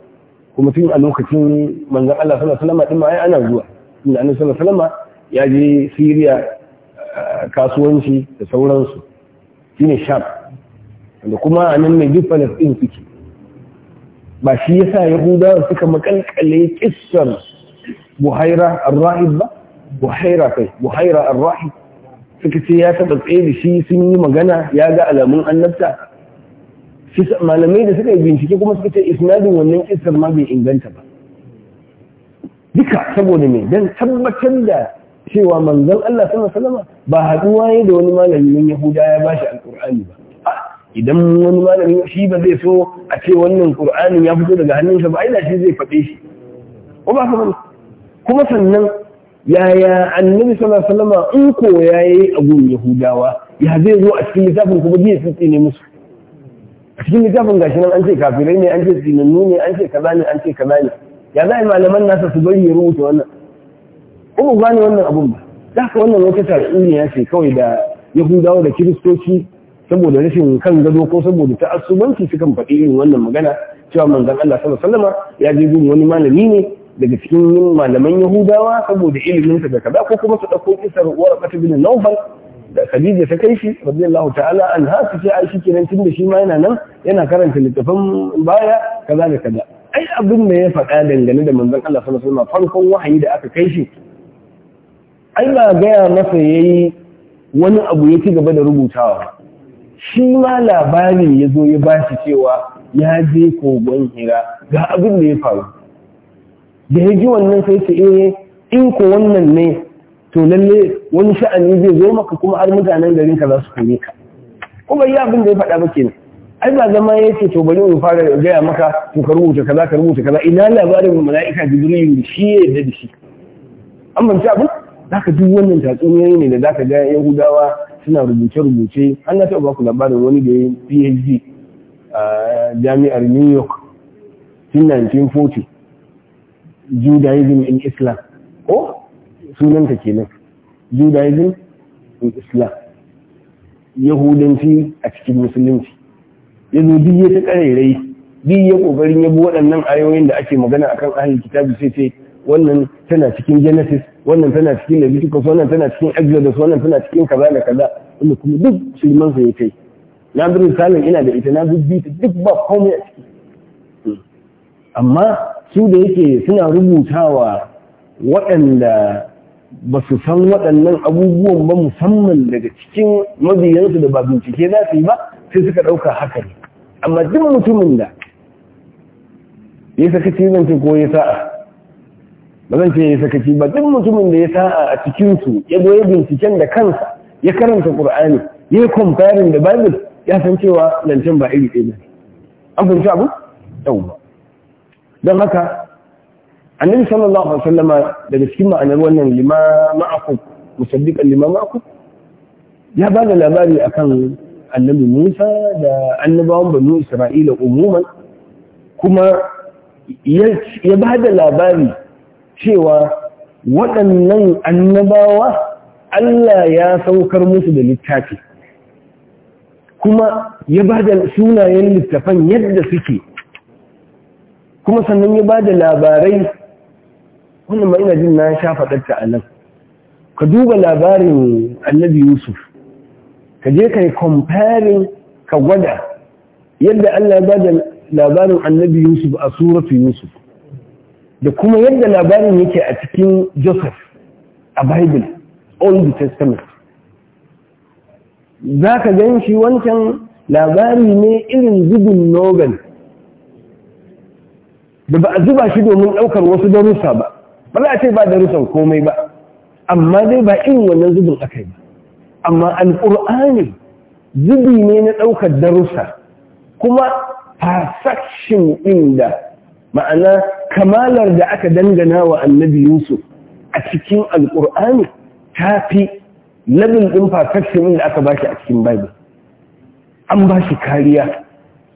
kuma tun a lokacin manzan Allah sallallahu alaihi wasallam ana zuwa inda annabi sallallahu alaihi ya je Syria ah, kasuwanci da sauransu shine Sham da kuma anan nan ne duk Palestine suke ba shi yasa Yahudawa suka makalkale kissar Buhaira ar-Rahib ba Buhaira kai Buhaira ar-Rahib suka ce ya taba tsaye da shi sun yi magana ya ga alamun annabta malamai da suka yi bincike kuma suka ce isnadin wannan kisar ma bai inganta ba duka saboda me don tabbatar da cewa manzon Allah sallallahu alaihi ba haduwa ne da wani malamin Yahuda ya bashi alqur'ani ba idan wani malamin shi ba zai so a ce wannan qur'anin ya fito daga hannunsa ba aina shi zai faɗe shi ko ba kuma kuma sannan yaya annabi sallallahu alaihi in ko yayi abu'n Yahudawa ya zai zo a cikin littafin kuma zai tsine musu a cikin littafin gashi nan an ce kafirai ne an ce zinannu ne an ce kaza ne an ce kaza ne ya za a yi malaman nasa su bari ya rubuta wannan ko ba ne wannan abun ba za ka wannan wata ya ce kawai da yahudawa da kiristoci saboda rashin kan gado ko saboda ta'assubanci sukan faɗi irin wannan magana cewa manzan Allah sallallahu alaihi ya je gun wani malami ne daga cikin malaman yahudawa saboda iliminsa da kaza ko kuma su ɗauko kisar uwar na Nawfal da Khadija ta kai shi radiyallahu ta'ala an ta ce ai tun tunda shi ma yana nan yana karanta littafin baya kaza da kaza ai abin da ya faɗa dangane da manzon Allah sallallahu alaihi wasallam farkon wahayi da aka kai shi ai ba gaya masa yayi wani abu ya ci gaba da rubutawa shi ma labarin ya zo ya ba shi cewa ya je kogon hira ga abin da ya faru da ya ji wannan sai ce eh in ko wannan ne to lalle wani sha'ani zai zo maka kuma har mutanen garin ka za su kore ka kuma yi abin da ya faɗa ba ne. ai ba zama ya ce to bari in fara gaya maka to ka rubuta kaza ka rubuta kaza ina labarin mala'ika da shi ya yadda da shi an banci abin zaka duk wannan tatsuniyoyi ne da zaka ga yahudawa suna rubuce-rubuce an na taɓa ku labarin wani da ya phd a jami'ar new york tun 1940 judaism in islam ko sunanta kenan judaism in islam yahudanci a cikin musulunci Ya duk ya ta karairai duk ya kokarin bi waɗannan ayoyin da ake magana akan ahlul kitabu sai ce wannan tana cikin genesis wannan tana cikin leviticus wannan tana cikin exodus wannan tana cikin kaza da kaza wanda kuma duk sulman sa ya kai na bi misalin ina da ita na bi ta duk ba komai a ciki amma su da yake suna rubutawa waɗanda ba su san waɗannan abubuwan ba musamman daga cikin mabiyansu da ba bincike za su yi ba sai suka ɗauka haka ne amma duk mutumin da ya sakaci zan ce ko ya sa'a ba zan ce ya sakaci ba duk mutumin da ya sa'a a cikinsu ya zo ya binciken da kansa ya karanta ƙur'ani ya yi kwamfarin da bible ya san cewa zancen ba iri ɗaya ba an fahimci abu yau ba don haka annabi sallallahu alaihi wasallama daga cikin ma'anar wannan lima ma'akum musaddiqan lima ya ba da labari akan annabi Musa da annabawan banu Isra'ila umuman kuma ya ba da labari cewa waɗannan annabawa Allah ya saukar musu da littafi kuma ya ba da sunayen littafan yadda suke kuma sannan ya ba da labarai wannan ma ina jin na sha faɗarta a nan ka duba labarin annabi yusuf ka je ka yi comparing ka gwada yadda allah ya bada labarin annabi yusuf a suratu yusuf da kuma yadda labarin yake a cikin joseph a bible old testament za ka gan shi wancan labari ne irin zubin nobel da ba a zuba shi domin ɗaukar wasu darussa ba ba za a ce ba darussan komai ba amma dai ba irin wannan zubin aka yi amma alkur'ani zubi ne na ɗaukar darussa kuma perfection ɗin da ma'ana kamalar da aka dangana wa annabi yusuf a cikin alƙur'ani ta fi labin ɗin perfection ɗin da aka ba shi a cikin bible an ba shi kariya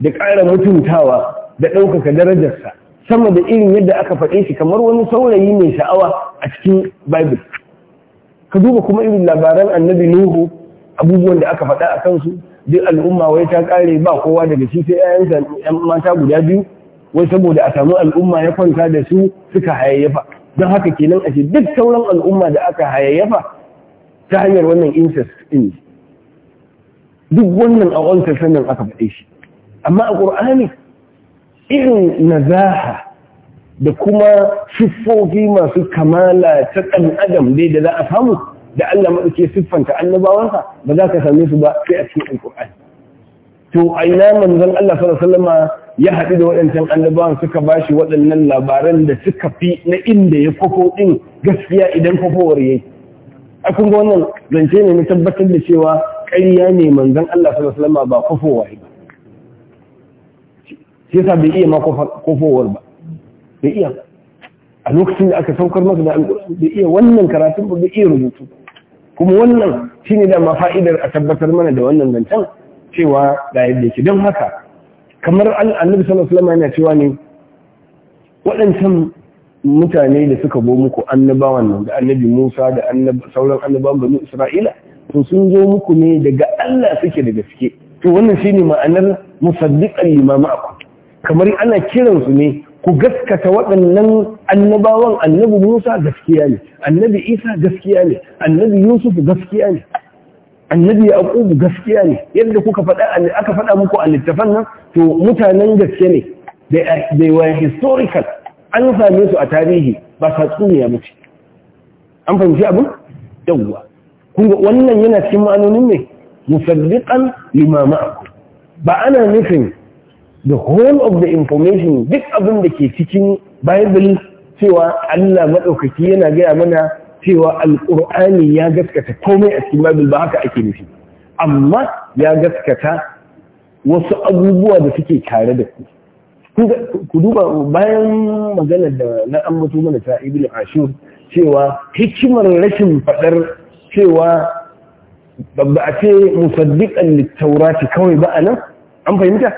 da ƙara mutuntawa da ɗaukaka darajarsa sama da irin yadda aka faɗe shi kamar wani saurayi mai sha'awa a cikin bible ka duba kuma irin labaran annabi nuhu abubuwan da aka faɗa a kansu duk al'umma wai ta kare ba kowa daga shi sai 'ya'yansa 'yan mata guda biyu wai saboda a samu al'umma ya kwanta da su suka hayayyafa don haka kenan a ce duk sauran al'umma da aka hayayyafa ta hanyar wannan incest din duk wannan a wancan sannan aka faɗe shi amma a ƙur'ani irin nazaha da kuma siffofi masu kamala ta ɗan adam dai da za a samu da Allah maɗauke siffanta annabawansa ba za ka same su ba sai a cikin alƙur'ani to a ina manzon Allah sallallahu ya haɗu da waɗancan annabawan suka bashi waɗannan labaran da suka fi na inda ya kwafo ɗin gaskiya idan kwafowar yayi a kun ga wannan zance ne na tabbatar da cewa ƙarya ne manzon Allah sallallahu ba kwafowa ba shi yasa bai iya ma kofowar ba bai iya a lokacin da aka saukar masa da alƙur'ani bai iya wannan karatun ba bai iya rubutu kuma wannan shine da ma fa'idar a tabbatar mana da wannan zancen cewa ga yadda yake don haka kamar annabi sallallahu alaihi yana cewa ne waɗancan mutane da suka bo muku annabawan nan da annabi Musa da sauran annabawan bani Isra'ila to sun zo muku ne daga Allah suke da gaske to wannan shine ma'anar musaddiqan limama aku kamar ana kiransu ne ku gaskata waɗannan annabawan annabi Musa gaskiya ne annabi Isa gaskiya ne annabi Yusuf gaskiya ne annabi Yaqub gaskiya ne yadda kuka faɗa aka faɗa muku a littafan nan to mutanen gaske ne they were historical an same su a tarihi ba tatsuniya ba ce an fahimci abin yawwa kun ga wannan yana cikin ma'anonin ne musaddiqan limama ba ana nufin the whole of the information duk abin da ke cikin bible cewa Allah maɗaukaki yana gaya mana cewa alƙur'ani ya gaskata komai a cikin bible ba haka ake nufi amma ya gaskata wasu abubuwa da suke tare da ku ku duba bayan maganar da na ambato mana ta ibn ashur cewa hikimar rashin fadar cewa babba a ce musaddiqan littaurati kawai ba anan an fahimta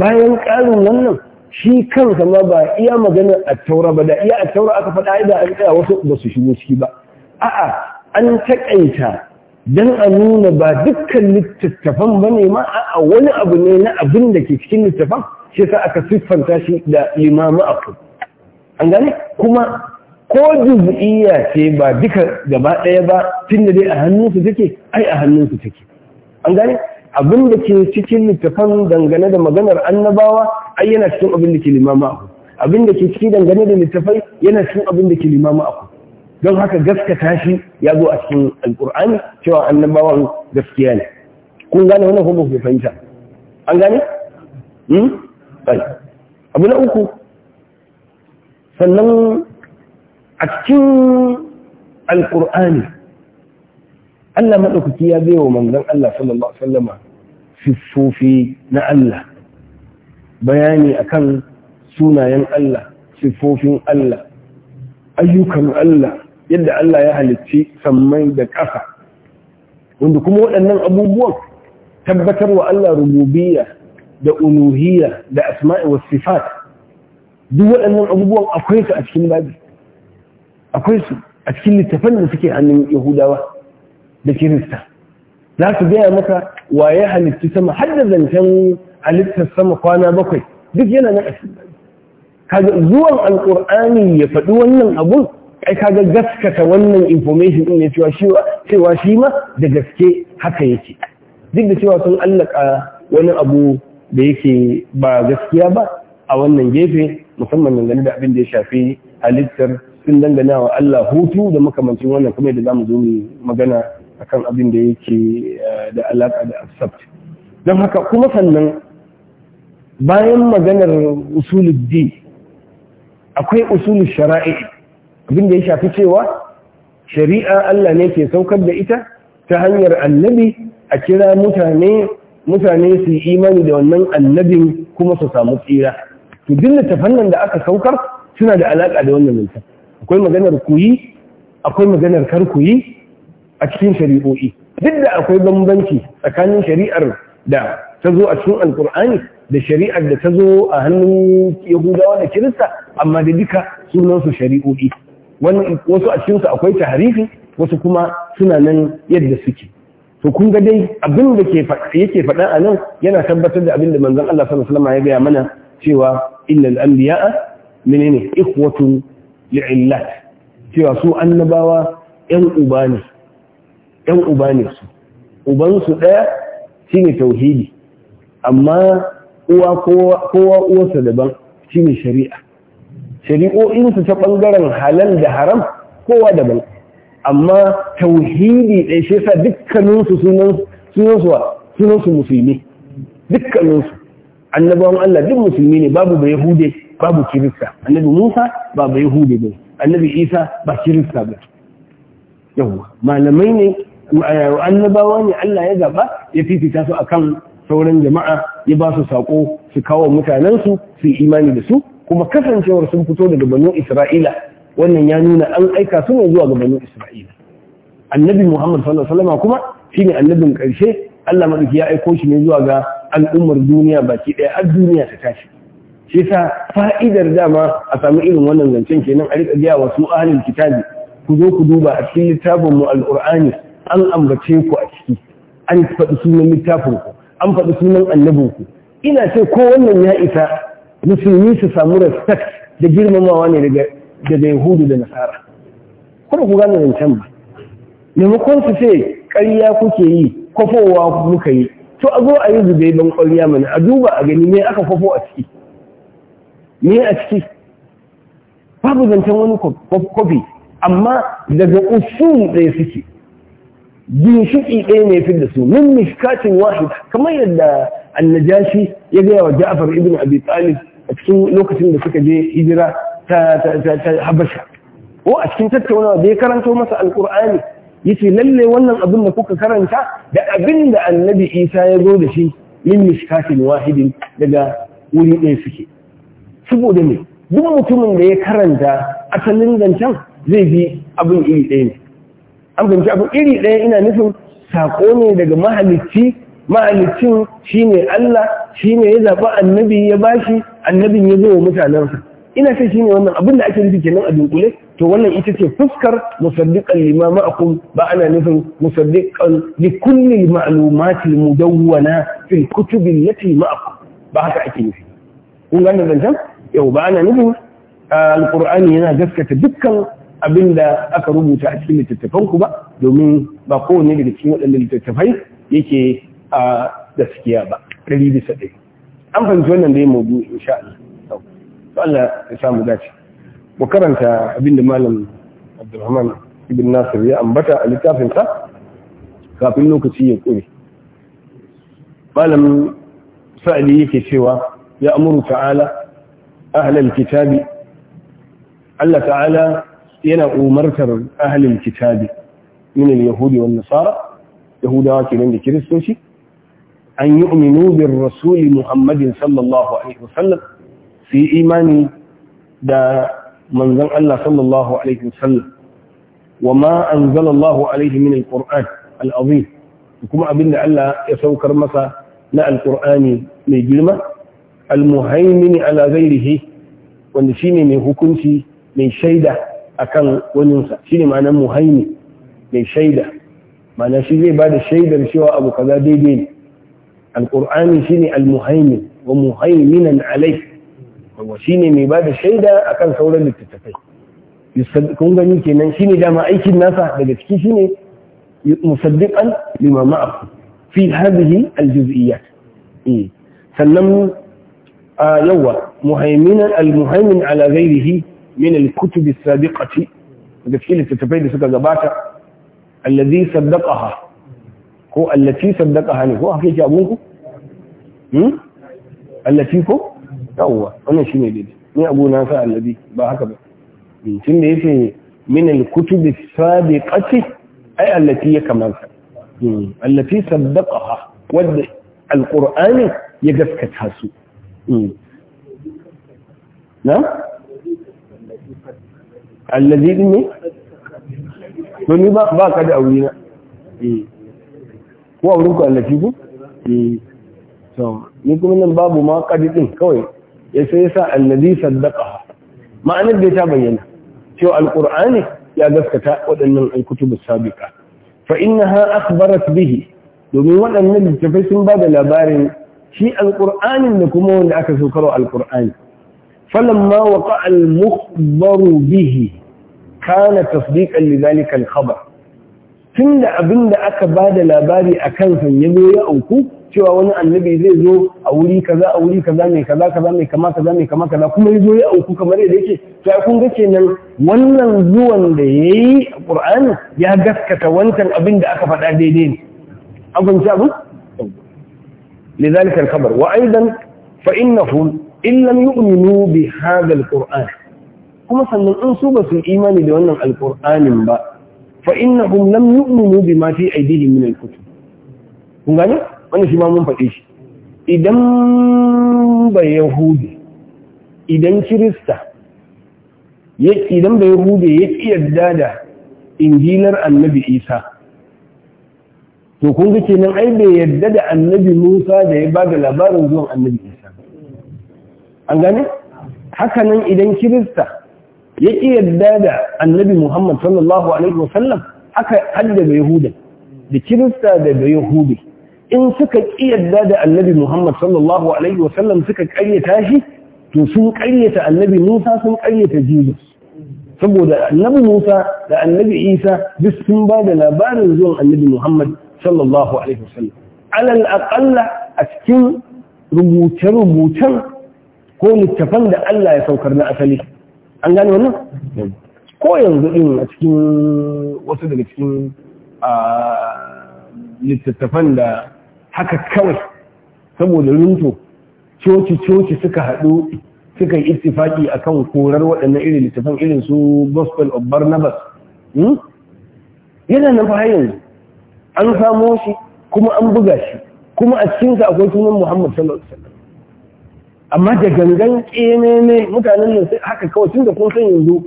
bayan ƙarin wannan shi kan ma ba iya maganar taura ba da iya a taura aka faɗa da an tsaya wasu ba su shigo ciki ba a'a an taƙaita don a nuna ba dukkan littattafan ba ne ma a wani abu ne na abin da ke cikin littattafan shi sa aka siffanta shi da limamu kudu an gane kuma ko juz'iyya ce ba duka gaba ɗaya ba tun da dai a hannunsu take ai a hannunsu take an gane abin da ke cikin littafan dangane da maganar annabawa ai yana cikin abin da ke limama aku abin da ke ciki dangane da littafai yana cikin abin da ke limama aku don haka gaskata shi ya zo a cikin alkur'ani cewa annabawan gaskiya ne kun gane wani kuma ku fahimta an gane hmm abu na uku sannan a cikin alkur'ani Allah maɗaukaki ya bai wa manzan Allah sallallahu alaihi wasallama siffofi na Allah bayani akan sunayen Allah siffofin Allah ayyukan Allah yadda Allah ya halicci sammai da ƙasa wanda kuma waɗannan abubuwan tabbatar wa Allah rububiyya da Unuhiya da asma'i was sifat duk waɗannan abubuwan akwai su a cikin babi akwai su a cikin littafan da suke hannun Yahudawa da kirista za su gaya maka waye halittu sama har da zancen halittar sama kwana bakwai duk yana na kaga zuwan Alƙur'ani ya faɗi wannan abun ai kaga gaskata wannan information din ne cewa shi cewa shi ma da gaske haka yake duk da cewa sun allaka wani abu da yake ba gaskiya ba a wannan gefe musamman dangane da abin da ya shafi halittar sun dangana wa Allah hutu da makamancin wannan kuma da zamu zo mu magana akan abin da yake eh, da alaka da asabt don haka kuma sannan bayan maganar di, akwai usulul shara'i abin da ya shafi cewa shari'a Allah ne ke saukar da ita ta hanyar annabi a kira mutane mutane su yi imani da wannan annabin kuma su samu tsira to duk ta fannin da aka saukar suna da alaka da wannan mutum akwai maganar kuyi akwai maganar kar kuyi a cikin shari'o'i duk da akwai bambanci tsakanin shari'ar da ta zo a cikin alkur'ani da shari'ar da ta zo a hannun yahudawa da kirista amma da duka sunansu shari'o'i wasu a cikinsu akwai taharifi wasu kuma suna nan yadda suke to kun ga dai abin da yake faɗa a nan yana tabbatar da abin da manzon Allah sallallahu alaihi wasallam ya gaya mana cewa innal anbiya'a menene ikhwatun li'illat cewa su annabawa yan uba ne ɗan uba ne su ubansu ɗaya shine tauhidi amma uwa kowa uwarsa daban shine shari'a shari'o'insu ta ɓangaren halal da haram kowa daban amma tauhidi ɗaya shi yasa dukkaninsu sunansu sunansu musulmi dukkaninsu annabawan Allah duk musulmi ne babu ba yahude babu kirista annabi Musa ba bai yahude ba annabi Isa ba kirista ba yawa malamai ne annabawa ne Allah ya zaba ya fifita su akan sauran jama'a ya ba su sako su kawo mutanensu su yi imani da su kuma kasancewar sun fito daga banu isra'ila wannan ya nuna an aika su ne zuwa ga banu isra'ila annabi muhammad sallallahu alaihi kuma shine annabin karshe Allah madauki ya aiko shi ne zuwa ga al'ummar duniya baki ɗaya har duniya ta tashi shi yasa fa'idar dama a samu irin wannan zancen kenan a rika biya wa su ahlul kitabi ku zo ku duba a cikin littafin mu al-Qur'ani an ambace ku a ciki an faɗi sunan littafin ku an faɗi sunan annabin ku ina ce ko wannan ya isa musulmi su samu respect da girmamawa ne daga yahudu da nasara kuma ku gane zancen ba maimakon su ce ƙarya kuke yi kwafowa muka yi to a zo a yi zube ban ƙwarya mana a duba a gani me aka kwafo a ciki me a ciki babu zancen wani kwafi amma daga usul ɗaya suke ginshiƙi ɗaya ne fi da su min mishkatin wahid kamar yadda annajashi ya gaya wa ja'far ibn abi talib a cikin lokacin da suka je hijira ta habasha ko a cikin tattaunawa da ya karanto masa alkur'ani yace lalle wannan abin da kuka karanta da abin da annabi isa ya zo da shi min mishkatin wahidin daga wuri ɗaya suke saboda ne duk mutumin da ya karanta asalin zancen zai bi abin iri ɗaya ne an fahimci abu iri ɗaya ina nufin saƙo ne daga mahalicci mahalicin ne Allah ne ya zaɓa annabi ya bashi annabin ya zo wa mutanensa ina sai shine wannan abin da ake nufi kenan a dunkule to wannan ita ce fuskar musaddiqan lima ma'akum ba ana nufin musaddiqan li kulli ma'lumati mudawwana fi kutubi allati ma'akum ba haka ake nufi kun ga nan zancen yau ba ana nufin ah, alqur'ani yana gaskata dukkan abin da aka rubuta a cikin littattafanku ba domin ba kowanne daga cikin waɗanda littattafai yake a gaskiya ba ɗari bisa ɗari an fahimci wannan dai ya insha Allah to Allah ya samu dace mu karanta abin da malam Abdulrahman ibn Nasir ya ambata a littafin sa kafin lokaci ya kure malam Sa'di yake cewa ya amuru ta'ala ahlal kitabi Allah ta'ala yana umartar ahlul kitabi min al-yahudi wan nasara yahudawa kenan da kiristoci an yu'minu bir rasuli muhammadin sallallahu alaihi wasallam su imani da manzon Allah sallallahu alaihi wasallam wa ma anzalallahu alaihi min al-qur'an al-azim kuma abinda Allah ya saukar masa na al-qur'ani mai girma al-muhaimin ala ghairihi wanda shine mai hukunci mai shaida akan waninsa shine ne ma'anar muhaimi mai shaida ma'ana shi zai ba da shaidar cewa abu kaza daidai ne alƙur'ani shine almuhaimi wa muhaiminan alai wa shine mai ba da shaida akan sauran littattafai kun gani kenan shine ne dama aikin nasa daga ciki shine musaddiqan lima limama fi hadhihi aljuz'iyyat eh sannan yawa muhaiminan almuhaimin ala ghairihi من الكتب السابقة تفكير التفايد سكا قباتا الذي صدقها هو التي صدقها هو حقيقة أبوه التي هو دوه أنا شمي بيدي من أبو نافع الذي باحك بي من شمي من الكتب السابقة أي التي يكمل التي صدقها ود القرآن يقفكتها سوء نعم allazi din ne to ba ka da aure na eh. ko auren ku allafi ku eh. ni kuma nan babu ma kadi din kawai ya sai yasa allazi saddaqa ma'anar da ta bayyana cewa alqur'ani ya gaskata waɗannan alkutubu sabiqa fa innaha akhbarat bihi domin waɗannan littafai sun ba da labarin shi alƙur'anin da kuma wanda aka saukarwa alƙur'ani falamma waƙa almuhbaru bihi kana tasdiqan lidhalika al-khabar tunda abinda aka bada labari akan san yazo ya auku cewa wani annabi zai zo a wuri kaza a wuri kaza mai kaza kaza mai kama kaza mai kama kaza kuma yazo ya auku kamar yadda yake to ai kun ga kenan wannan zuwan da yayi Qur'ani ya gaskata wancan abin da aka faɗa daidai ne abun ci abun lidhalika al-khabar wa aidan fa innahum in lam yu'minu bi hadha al-Qur'an kuma sannan in su ba su imani da wannan alkur'anin ba fa hum lam yu'minu bima fi aydihim min al-kutub kun gane wannan shi ma mun faɗe shi idan ba yahudi idan kirista idan ba yahudi ya ƙi yarda da injilar annabi isa to kun ga kenan ai bai yarda da annabi musa da ya ba da labarin zuwan annabi isa an gane hakanan idan kirista ya yarda da annabi Muhammad sallallahu alaihi wasallam haka haddaba Yahuda da Kirista da Yahudi in suka yarda da annabi Muhammad sallallahu alaihi wasallam suka karyata shi to sun karyata annabi Musa sun karyata Jesus saboda annabi Musa da annabi Isa duk sun ba da labarin zuwan annabi Muhammad sallallahu alaihi wasallam alal aƙalla a cikin rubuce-rubucen ko littafan da Allah ya saukar na asali an gane wannan hmm. ko yanzu din a cikin wasu daga cikin littattafan da haka kawai saboda rinto coci-coci suka haɗu suka yi ittifaki kan korar waɗannan irin littattafan irin su gospel of barnabas hmm? yana nan fa yanzu an samo shi kuma an buga shi kuma a cikinsa akwai sunan muhammad sallallahu alaihi wasallam amma da gangan ƙememe mutanen nan sai haka kawai tun da kun san yanzu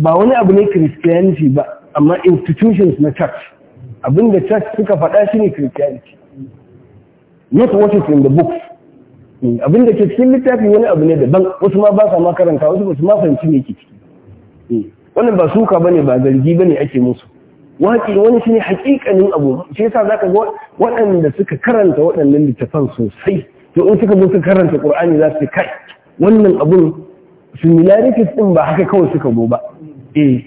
ba wani abu ne christianity ba amma institutions na church abinda church suka faɗa shi ne christianity not what is in the books abinda ke cikin littafi wani abu ne daban wasu ma ba sa ma karanta wasu ba su ma fahimci ne ke ciki wannan ba suka bane ba zargi bane ake musu Waki wani ne hakikanin abu shi yasa zaka ga waɗanda suka karanta waɗannan littafan sosai to in suka zo karanta qur'ani za su kai wannan abun similarities din ba haka kawai suka go ba eh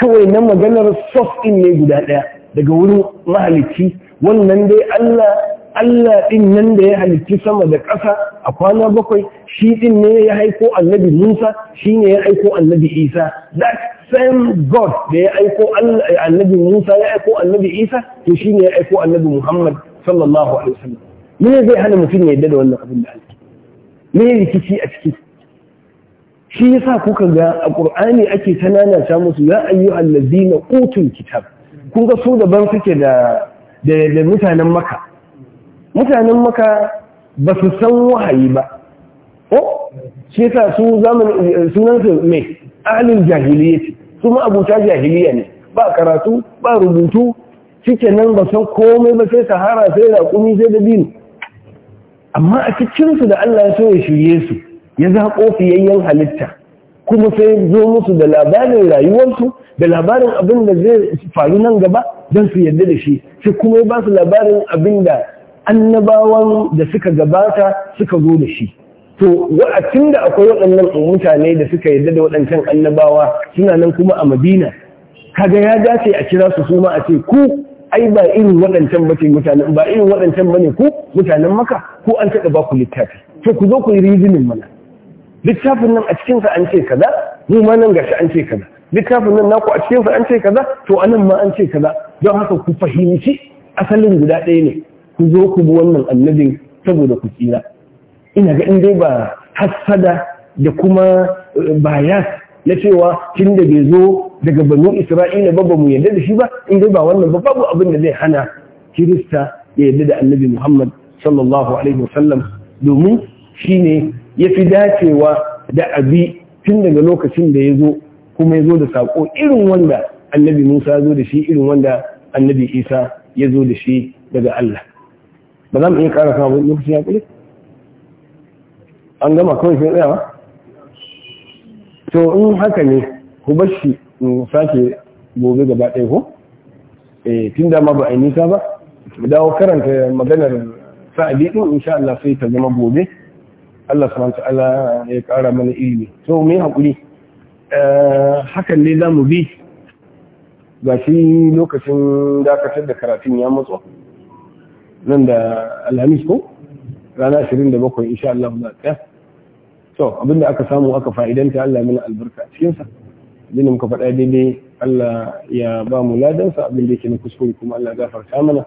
kawai na maganar source din ne guda daya daga wurin mahalicci wannan dai Allah Allah ɗin nan da ya halicci sama da ƙasa a kwana bakwai shi ɗin ne ya haiko annabi Musa shi ne ya haiko annabi Isa that same God da ya haiko annabi Musa ya haiko annabi Isa to shi ne ya haiko annabi Muhammad sallallahu alaihi wasallam me zai hana mutum ya yadda da wannan abin da Allah me rikici a ciki shi yasa kuka ga a Qur'ani ake ta musu ya ayyuhal ladina utul kitab kun ga su daban suke da da mutanen maka. mutanen maka ba su san wahayi ba Oh! shi yasa su zamanin sunan su me ahlul jahiliyyah su ma abuta jahiliya ne ba karatu ba rubutu shi nan ba san komai ba sai sahara sai raƙumi sai dabino amma a su da Allah ya so ya shirye su ya zaƙo fiyayyen halitta kuma sai zo musu da labarin rayuwarsu da labarin abin da zai faru nan gaba don su yarda da shi sai kuma ya ba su labarin abin da annabawan da suka gabata suka zo da shi to wa wa'acin da akwai waɗannan mutane da suka yarda da waɗancan annabawa suna nan kuma a madina kaga ya dace a kira su su ma a ce ku ai ba irin waɗancan bace mutanen ba irin waɗancan bane ku mutanen maka ko an taɓa ba ku littafi to ku zo ku yi rizinin mana littafin nan a cikinsa an ce kaza mu ma nan gashi an ce kaza littafin nan naku a cikinsa an ce kaza to anan ma an ce kaza don haka ku fahimci asalin guda ɗaya ne ku zo ku bi wannan annabin saboda ku tsira ina ga in dai ba hassada da kuma eh, bayas na cewa tun da bai zo daga banu isra'ila ba ba mu yarda da shi ba in dai ba wannan ba babu abin da zai hana kirista ya yarda da annabi muhammad sallallahu alaihi wasallam domin shine ya fi dacewa da abi tun daga lokacin da ya zo kuma ya zo da saƙo irin wanda annabi Musa ya zo da shi irin wanda annabi Isa ya zo da shi daga Allah ba za mu iya ƙara kawo lokacin ya kule an gama kawai sai tsayawa to in haka ne ku bar shi in sake gobe gaba ɗaya ko eh tun da ma ba a yi nisa ba mu dawo karanta maganar sa'adi din insha Allah sai ta zama gobe Allah subhanahu ta'ala ya kara mana ilimi to mu hakuri eh, hakan ne zamu bi ga shi lokacin dakatar da karatun ya matso nan da alhamis ko rana 27 insha Allah za ta abin abinda aka samu aka fa'idanta Allah mana albarka cikin sa jini muka faɗa daidai Allah ya ba mu ladansa abin da yake na kuskure kuma Allah ya gafarta mana